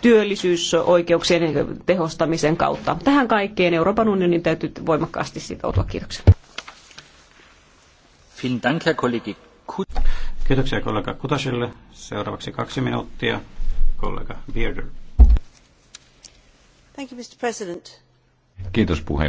työllisyysoikeuksien tehostamisen kautta. Tähän kaikkeen Euroopan unionin täytyy voimakkaasti sitoutua. Kiitoksia. Kiitoksia kollega Kutasille. Seuraavaksi kaksi minuuttia kollega Bearder. Thank you, Mr. President. Kiitos puhemies.